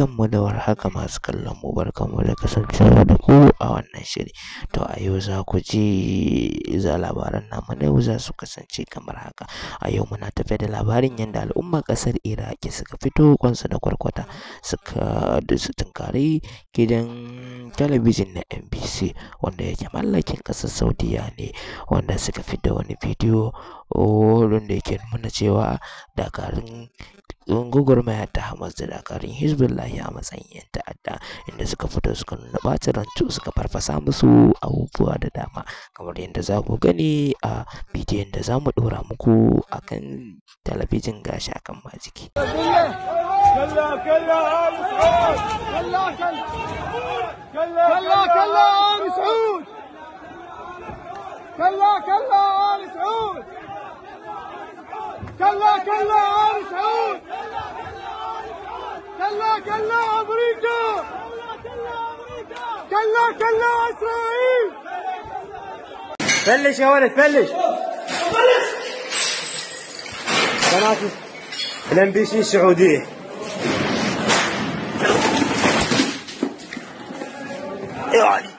Barkanmu da warhaka masu kallon mu barkanmu da kasancewa da ku a wannan shiri. To a yau za ku ji za labaran namu na yau za su kasance kamar haka. A yau muna tafe da labarin yadda al'ummar kasar Iraki suka fito kwansu da kwarkwata suka da su tunkari gidan talabijin na NBC wanda yake mallakin ƙasar Saudiya ne wanda suka fidda wani bidiyo wanda yake nuna cewa dakarun gwagwarmaya ta Hamas da dakarun Hezbollah a matsayin 'yan ta'adda inda suka fito suka nuna ɓacin rancu suka farfasa musu abubuwa da dama kamar yadda za ku gani a bidiyon da za mu ɗora muku a kan talabijin gashi akan majiki. كلا كلا ام سعود كلا كلا كلا سعود كلا كلا آل سعود كلا كلا أمريكا كلا كلا إسرائيل فلش يا ولد فلش قناة الام بي سي السعودية يا إيه علي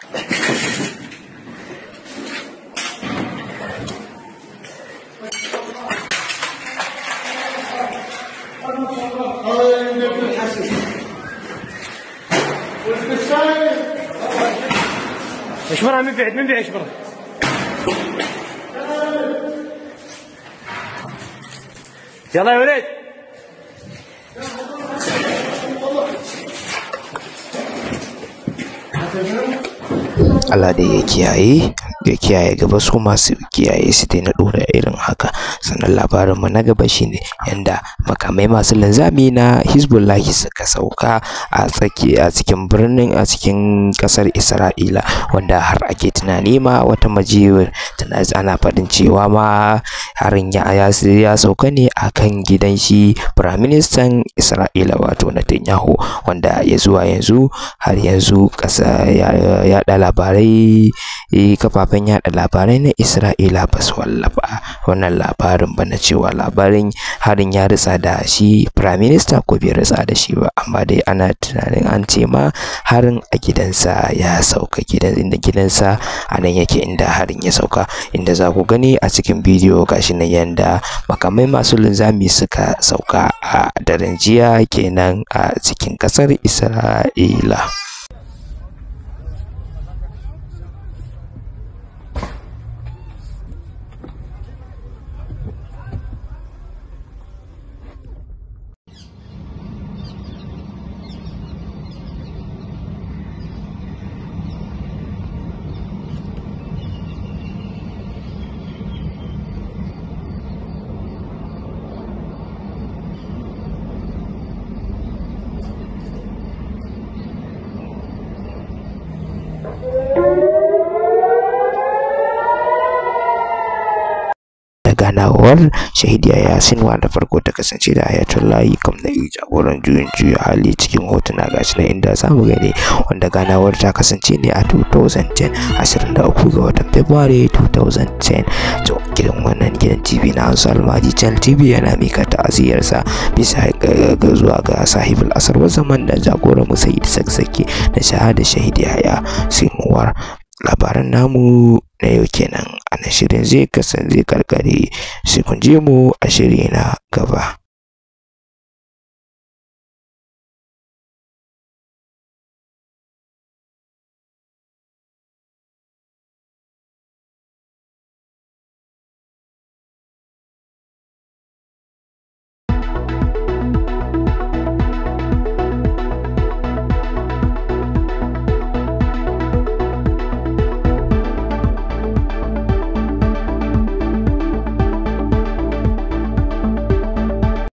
اشبرها من بعد من بعيد اشبرها يلا يا ولد الله دي ya kiyaye ya kiyaye gaba su masu kiyaye su dai na dora irin haka sannan labarinmu na gaba shine yanda makamai masu linzami na Hezbollah suka sauka a tsaki a cikin birnin a cikin kasar Isra'ila wanda har ake tunani ma wata majiyar tana ana faɗin cewa ma harin ya sauka ne akan gidan shi firaministan Isra'ila wato Netanyahu wanda ya zuwa yanzu har yanzu kasa ya da labarai eh, kafafen kafafen yada labarai na Isra'ila ba su wallafa wannan labarin ba na cewa labarin harin ya ritsa da shi Prime Minister ko bai ritsa da shi ba amma dai ana tunanin an ce ma harin a gidansa ya sauka gidan inda gidansa a nan yake inda harin ya sauka inda za ku gani a cikin bidiyo gashi nan yanda makamai masu linzami suka sauka a daren jiya kenan a cikin kasar Isra'ila Thank you. dawowar shahidiya yasin da farko ta kasance da ayatullahi yi jagoran juyin juya hali cikin hotuna gashi na inda mu gani wanda ganawar ta kasance ne a 2010 da uku ga watan february 2010 to gidan wannan gidan tv na hansu almaji channel tv yana mika ta'aziyarsa bisa ga zuwa ga sahibul asar zaman da jagoran da saksake da shahada shahidi ya sinuwar labaran namu na yau kenan a shirin zai kasance zai karkare sai kun je mu a shiri na gaba